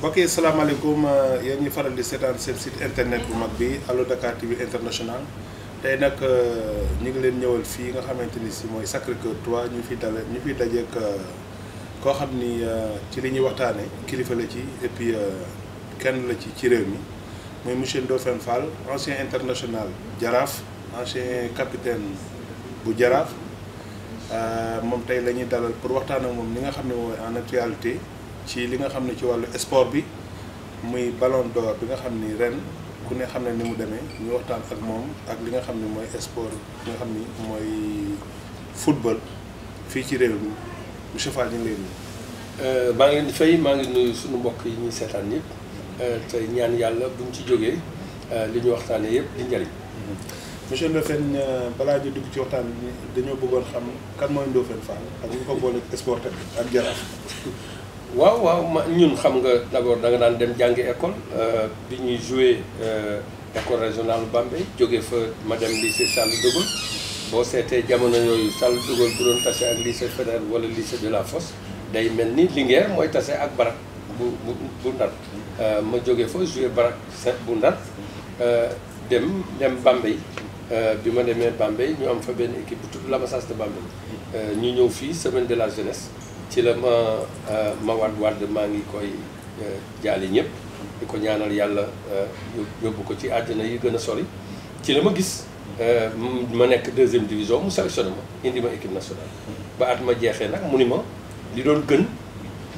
mbokk yi salaamaaleykum euh, yéen ñuy faral di seetaan seen site internet bu mag bi Allo Dakar TV international tey nag euh, ñu ngi leen ñëwal fii nga xamante ni si mooy Sacré Cœur 3 ñu fi dale ñu fi dajeek euh, koo xam ni ci li ñuy waxtaane kilifa la ci et puis kenn la ci ci réew mi muy monsieur Ndofène Fall ancien international jaraaf ancien capitaine bu jaraaf moom tey la ñuy dalal pour waxtaan ak moom li nga xam ne mooy en actualité ci li nga xam ne ci wàllu sport bi muy ballon door bi nga xam ni ren ku ne xam ne ni mu demee ñu waxtaan ak moom ak li nga xam ne mooy sport bi nga xam ni mooy football fii ci réew mi monsieur Fall ñu ngi euh, maa ngi suñu mbokk yi ñuy seetaan yëpp euh, te ñaan yàlla buñ ci jógee euh, li ñu waxtaanee yëpp di njëriñ. Mhm. monsieur Ndofène balaa ñu dugg ci waxtaan bi dañoo bëggoon xam kan mooy Ndofène Fall ak ñu ko boole waaw waaw ma ñun xam nga d'abord da nga daan dem jàngi école euh, bi ñuy joué euh, école régionale Bambey jóge fa ma dem lycée Charles de Gaulle boo seetee jamono yooyu Charles de Gaulle bu doon tase ak lycée Faidherbe wala lycée de la Fosse day mel ni Linguère mooy tase ak barak bu bu bu Ndar euh, ma jóge fa joué barak bu Ndar dem dem Bambey bi ma demee Bambey ñu am fa benn équipe bu tudd l'Amassas de Bambey ñu ñëw fii semaine de la jeunesse ci la ma euh, Mawade Wade maa ngi koy yi euh, ñëpp di ko ñaanal yàlla euh, yóbbu ko ci àddina yi gën a sori ci la ma gis ma nekk deuxième division mu sélectionné ma indi ma équipe nationale ba at ma jeexee nag mu ni ma li doon gën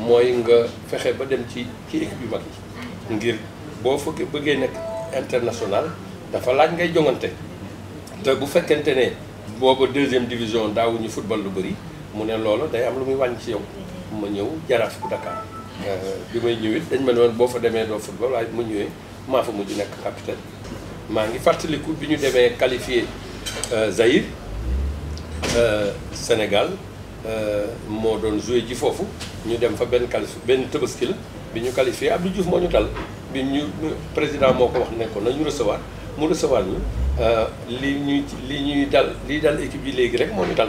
mooy nga fexe ba dem ci ci équipe yu mag yi ngir boo fa bëggee nekk international dafa laaj ngay jongante te bu fekkente ne booba deuxième division daawuñu football lu bëri mu ne loolu day am lu muy wàññi ci yow ma ñëw jaraaf bu Dakar euh, bi may ñëwit dañ ma ne woon boo fa demee doo football waaye ma ñëwee maa fa mujj nekk capitaine maa ngi fàttaliku bi ñu demee qualifié euh, Zaïre euh, Sénégal moo doon joué ji foofu ñu dem fa benn qualifi benn tëbaski la bi ñu qualifié Abdou Diouf moo ñu tal bi ñu président moo ko wax ne ko na nañu recevoir mu recevoir ñu li ñuy li ñuy dal li dal équipe bi léegi rek moo ñu dal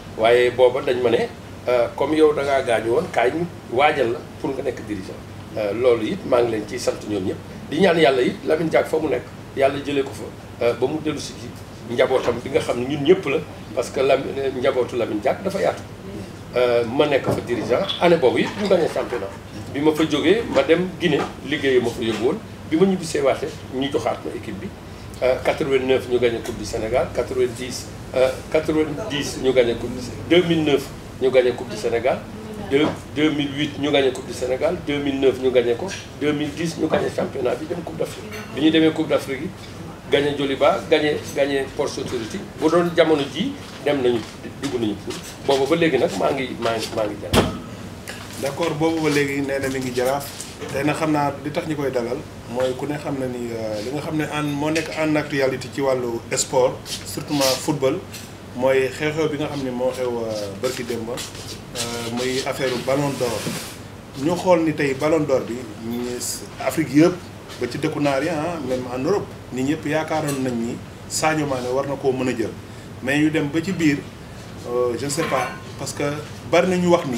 waaye booba dañ ma ne euh, comme yow da ngaa gaañu woon kaay ñu waajal la pour nga nekk dirigeant. Euh, loolu it maa ngi leen ciy sant ñoom ñëpp di ñaan yàlla it Lamine Diack fa mu nekk yàlla jëlee ko fa euh, ba mu dellu si ci njabootam bi nga xam ne ñun ñëpp la parce que Lamine njabootu Lamine Diack dafa yaatu. ma nekk fa dirigeant année boobu it ñu gagné championnat bi ma fa jógee ma dem Guinée liggéey ma fa yóbbu woon bi ma ñu ñibbisee waate ñu joxaat ma équipe bi. 89 gagnons la coupe du Sénégal 90 nous gagnons la coupe du 2009 gagnons gagné coupe du Sénégal. 2008 gagnons la coupe du Sénégal 2009 gagnons gagné coupe, 2010 gagnons le championnat bi coupe d'Afrique bi la coupe d'Afrique Joliba gagné Force Authority d'accord tey nag xam naa li tax ñi koy dalal mooy ku ne xam na ni euh, li nga xam ne en moo nekk en actualité ci wàllu sport surtout football mooy xew-xew bi nga xam ne moo xew euh, bërki démba euh, muy affaire ballon d'or xool ni tey ballon d'or bi Afrique yëpp ba ci dëkku naar yi ah même en Europe nit ñëpp yaakaaroon nañ ni Sadio Mané war na koo mën a jël mais yu dem ba ci biir je ne pas parce que bari na ñu wax ni.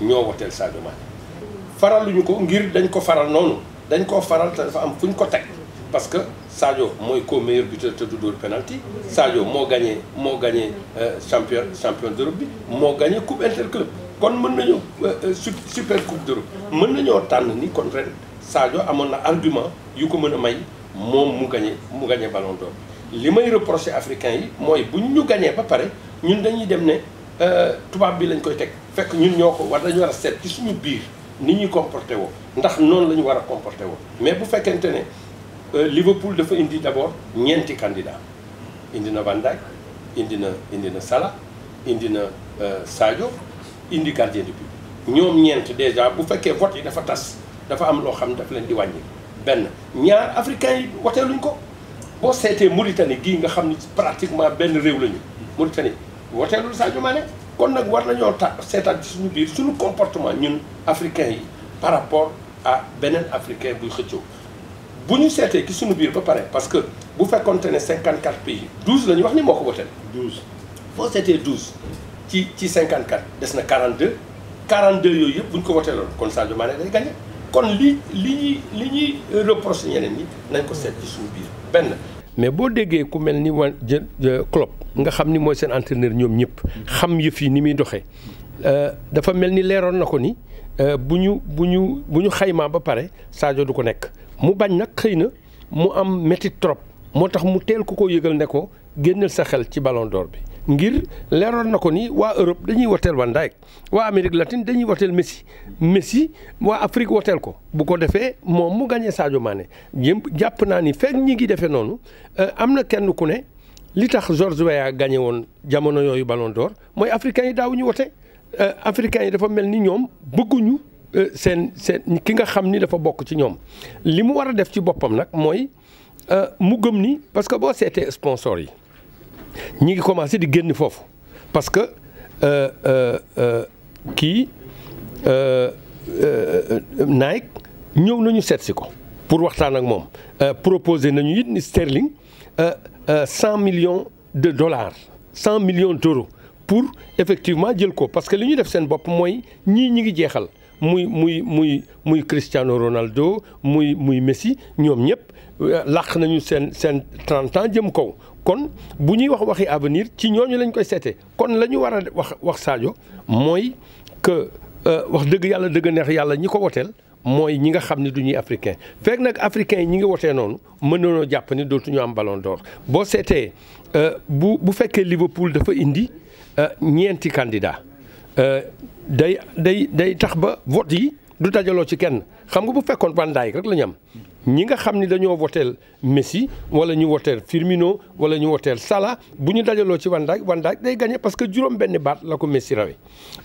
ñoo woteel Sadio Mané faraluñu ko ngir dañ ko faral noonu dañ koo faral te dafa am fu ñu ko teg parce que Sadio mooy ko meilleur buteur te du dóor penalty Sadio moo gagné moo gagné euh, champion champion d'Europe bi moo gagné coupe interclub kon mën nañoo euh, euh, super coupe d'Europe mën nañoo tànn ni kon ren Sadio amoon na argument yu ko mën a may moom mu gagné mu gañee ballon d'or li may reproché africain yi mooy bu ñu gañee ba pare ñun dañuy dem ne Euh, tubaab bi lañ koy teg fekk ñun ñoo ko war dañu war a seet ci suñu biir ni ñuy comporté woo ndax noonu la ñu war a comporté woo mais bu fekkente ne euh, Liverpool dafa indi d'abord ñeenti candidat indi na Van indi na indi na Salah indi na euh, Sadio indi gardien de but ñoom ñeent déjà bu fekkee vote yi dafa tas dafa am loo xam ne dafa leen di wàññi benn ñaar africain yi woteeluñ ko boo seetee Mauritanie gii nga xam ni pratiquement benn réew lañu Mauritanie woteelul Sadio Mané kon nag war nañoo ta seetaat ci suñu biir suñu comportement ñun africains yi par rapport à beneen africain buy xëccoo bu ñu seetee ci suñu biir ba pare parce que bu fekkonte ne 54 pays 12 la ñu wax ni moo ko woteel 12 boo seetee 12 ci ci 54 des na 42 42 yooyu yëpp bu ñu ko woteeloon kon Sadio Mané day gagné kon li li ñuy li ñuy reproché ñeneen ñi nañ ko seet ci suñu biir benn mais boo déggee ku mel ni wan wa Klopp nga xam ni mooy seen entraîneur ñoom ñëpp xam yëf yi ni muy doxee euh, dafa mel ni leeroon na ko ni euh, bu ñu bu ñu bu ñu xaymaa ba pare Sadio du ko nekk mu bañ nag xëy na mu am métti trop moo tax mu teel ku ko yëgal ne ko génnal sa xel ci ballon d'or bi ngir leeroon na ko nii waa Europe dañuy woteel Van Dijk waa Amérique latine dañuy woteel Messi Messi waa Afrique woteel ko bu ko defee moom mu gagné Sadio Mané jëm jàpp naa ni fekk ñi ngi defee noonu euh, am na kenn ku ne li tax George Weah gagné woon jamono yooyu Ballon mooy africains yi daawuñu wote euh, africains yi dafa mel ni ñoom bëgguñu euh, seen seen ki nga xam ni dafa bokk ci ñoom li mu war a def ci boppam nag mooy mu gëm nii parce que boo seetee sponsor yi. ñi ngi commencé di génn fofu parce que euh, euh, euh, euh, Nike ñëw nañu seet ko pour waxtaan ak moom proposé nañu it ni sterling 100 millions de dollars 100 millions d'euros pour effectivement jël ko parce que li ñu def seen bopp mooy ñii ñi ngi jeexal muy muy muy muy Cristiano Ronaldo muy muy Messi ñoom ñëpp làq nañu seen seen 30 ans jëm kaw kon bu ñuy wax waxi avenir ci ñooñu lañ koy seete kon la ñu war a wax wax saajo mooy que euh, wax dëgg yàlla dëgg neex yàlla ñi ko woteel mooy ñi nga xam ne du ñuy africain fekk nag africain yi ñi ngi wotee noonu mën nañoo jàpp ni dootuñu am baloon d'or boo seetee euh, bu bu fekkee Liverpool dafa indi euh, ñeenti candidat day day day tax ba vote yi du dajaloo ci kenn xam nga bu fekkoon Van Dijk rek lañu am ñi nga xam ni dañoo woteel Messi wala ñu woteel Firmino wala ñu woteel Salah bu ñu dajaloo ci Van Dijk Van day gañe parce que juróom benn baat la ko Messi rawe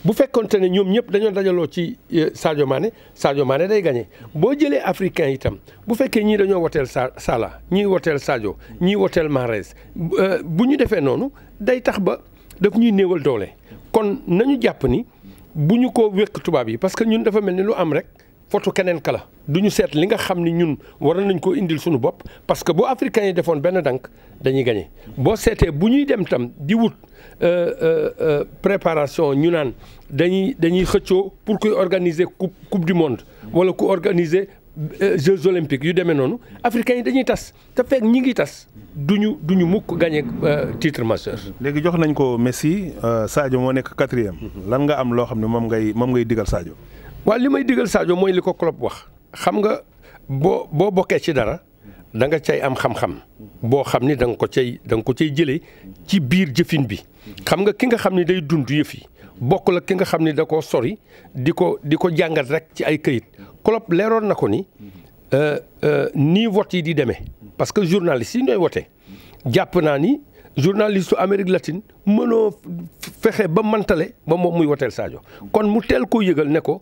bu fekkonte ne ñoom ñëpp dañoo dajaloo ci euh, Sadio Mané Sadio Mané day gagné boo jëlee africain itam bu fekkee ñii dañoo woteel sa Salah ñii woteel Sadio ñii woteel Mahrez euh, bu ñu defee noonu day tax ba daf ñuy néewal doole kon nañu jàpp ni bu ñu ko wékk tubaab yi parce que ñun dafa mel ni lu am rek. foto keneen kala du ñu seet li nga xam ni ñun waroon nañ ko indil suñu bopp parce que boo africains yi defoon benn dank dañuy gañe boo seetee bu ñuy dem tam di wut euh, euh, euh, préparation ñu naan dañuy dañuy xëccoo pour kuy organiser coupe coupe du monde wala ku organiser Jeux olympiques yu demee noonu africains yi dañuy tas te fekk ñi ngi tas du ñu du ñu mukk gagné titre majeur. léegi jox nañ ko Messi Sadio moo nekk quatrième. lan nga am loo xam ne moom ngay moom ngay digal Sadio. waaw li may digal Sadio mooy li ko Klopp wax xam nga boo boo bokkee ci dara da nga cay am xam-xam boo xam ni da nga ko cay da nga ko cay jëlee ci biir jëfin bi xam nga ki nga xam ni day dund yëf yi bokk la ki nga xam ni da koo sori di ko di ko jàngat rek ci ay këyit Klopp leeroon na ko ni euh, euh, nii vote yi di demee parce que journaliste yi ñooy wote jàpp naa ni journaliste Amérique latine mënoo fexe ba mantale ba moom muy woteel Sadio kon mu teel koo yëgal ne ko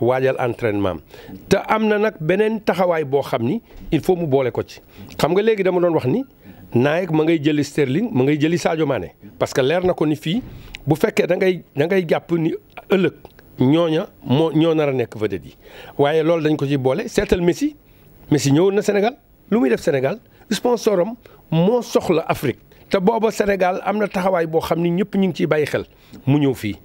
waajal entraînement te am na nag beneen taxawaay boo xam ni il faut mu boole ko ci xam nga léegi dama doon wax ni Naek ma ngay jëli Sterling ma ngay jëli Sadio maane parce que leer na ko ni fii bu fekkee dangay dangay jàpp ni ëllëg ñooña moo ñoo nar a nekk vedette yi waaye loolu dañ ko ci boole seetal Messi Messi ñëwoon na Sénégal lu muy def Sénégal sponsor am moo soxla Afrique. te booba Sénégal am na taxawaay boo xam ni ñëpp ñu ngi ciy bàyyi xel mu ñëw fii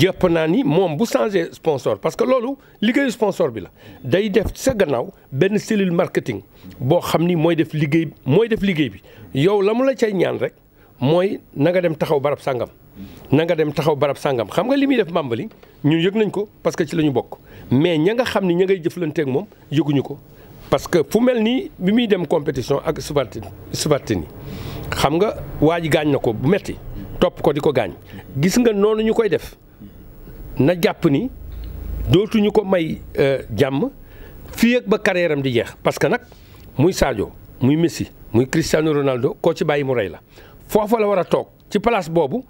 jàpp naa ni moom bu changé sponsor parce que loolu liggéeyu sponsor bi la day def sa gannaaw benn cellule marketing boo xam ni mooy def liggéey mooy def liggéey bi yow la mu la cay ñaan rek mooy na nga dem taxaw barab sàngam na nga dem taxaw barab sàngam xam nga li muy def Bambali ñun yëg nañ ko parce que ci la ñu bokk mais ña nga xam ni ña ngay jëflanteeg moom yëguñu ko parce que fu mel nii bi muy dem compétition ak subartin subartin xam nga waa gaañ na ko bu metti topp ko di ko gaañ gis nga noonu ñu koy def na jàpp ni dootuñu ko may euh, jàmm fii ba carrière yaram di jeex parce que nag muy Sadio muy Messi muy Cristiano Ronaldo koo ci bàyyi mu rey la foofa la war a toog ci place boobu.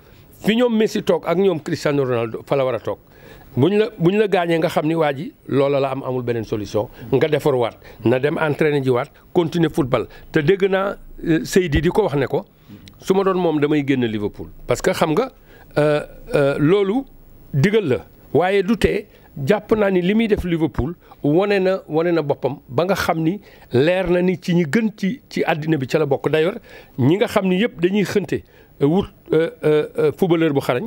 fi ñoom Messi toog ak ñoom Cristiano Ronaldo fa la war a toog buñ la buñ la gaañee nga xam ni waa ji loola la am amul beneen solution nga defar waat na dem entraîner ji waat continuer football te dégg naa euh, Seydi di ko wax ne ko su ma doon moom damay génn Liverpool. parce que xam nga euh, euh, loolu digal la waaye du tee jàpp naa ni li muy def Liverpool wane na wane na boppam ba nga xam ni leer na ni ci ñi gën ci ci àddina bi ca la bokk d'ailleurs ñi nga xam ni yëpp dañuy xënte. wut euh, euh, euh, footballeur bu xarañ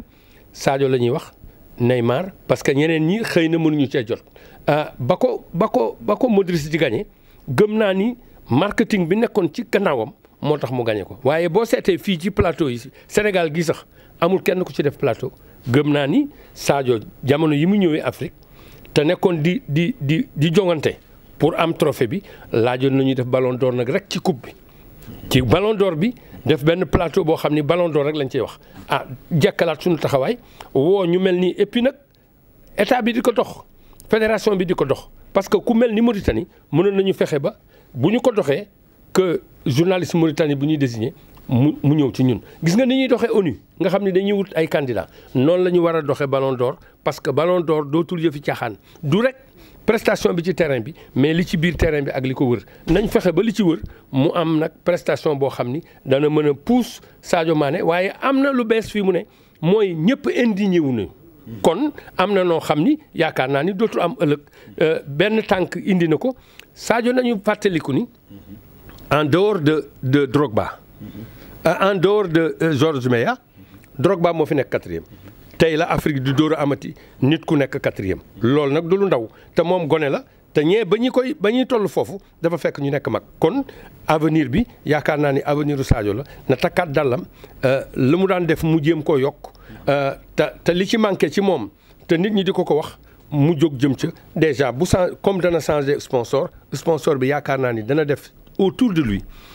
Sadio la ñuy wax Neymar parce que ñeneen ñi xëy na mënuñu cee jot. ba ko ba ko ba ko Modric di gagné gëm naa ni marketing bi nekkoon ci kannaawam moo tax mu gañe ko waaye boo seetee fii ci plateau yi Sénégal gi sax amul kenn ku ci def plateau gëm naa ni saajo jamono yi mu ñëwee Afrique te nekkoon di di di di jongante pour am trophée bi laajoon nañu def baloon doon nag rek ci coupe bi. ci ballon d'or bi def ben plateau bo xamni ballon d'or rek lañ ci wax ah jakalat sunu taxaway wo ñu melni et puis nak état bi diko dox fédération bi diko dox parce que ku melni Mauritanie mënoon nañu fexé ba buñu ko doxé que journaliste Mauritanie buñu ñuy désigné mu ñew ci ñun gis nga ni ñuy doxé ONU nga xamni ne dañuy wut ay candidats non lañu wara doxé Ballon d'Or parce que Ballon d'Or yeufi ci xaan du rek prestation bi terrain mais li ci terrain bi ak li ko wër nañ prestation pousse Sadio Mané waaye ne indigné wu kon amna no xamni am euh, indi Sadio en dehors de de Drogba euh, en dehors de Georges euh, Meya Drogba mo fi Taylor Afrique du amati nit quatrième lol nak du lu ndaw te mom goné la te ñe bañi koy bañi avenir bi yaakaar avenir Sadio la na takkaat euh, lu mu daan def mu jëm koo yokk euh, te te comme sponsor sponsor bi autour de lui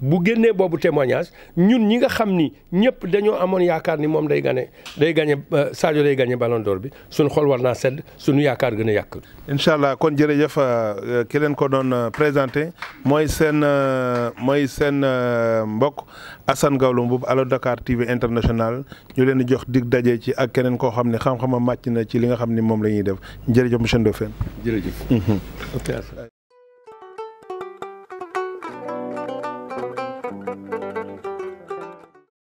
bu génnee boobu témoignage ñun ñi nga xam ni ñëpp dañoo amoon yaakaar ni moom day gane day gagné euh, Sadio day gagné Ballon d'Or bi suñu xol war naa sedd suñu yaakaar gën a yàq. incha allah kon jërëjëf euh, euh, ki leen ko doon présenté mooy seen mooy seen mbokk Assane Gawlo Mboup allo Dakar TV international ñu leen di jox dig daje ci ak keneen koo xam ne xam-xama màcc na ci li nga xam ni moom la ñuy def jërëjëf monsieur Ndofène. jërëjëf.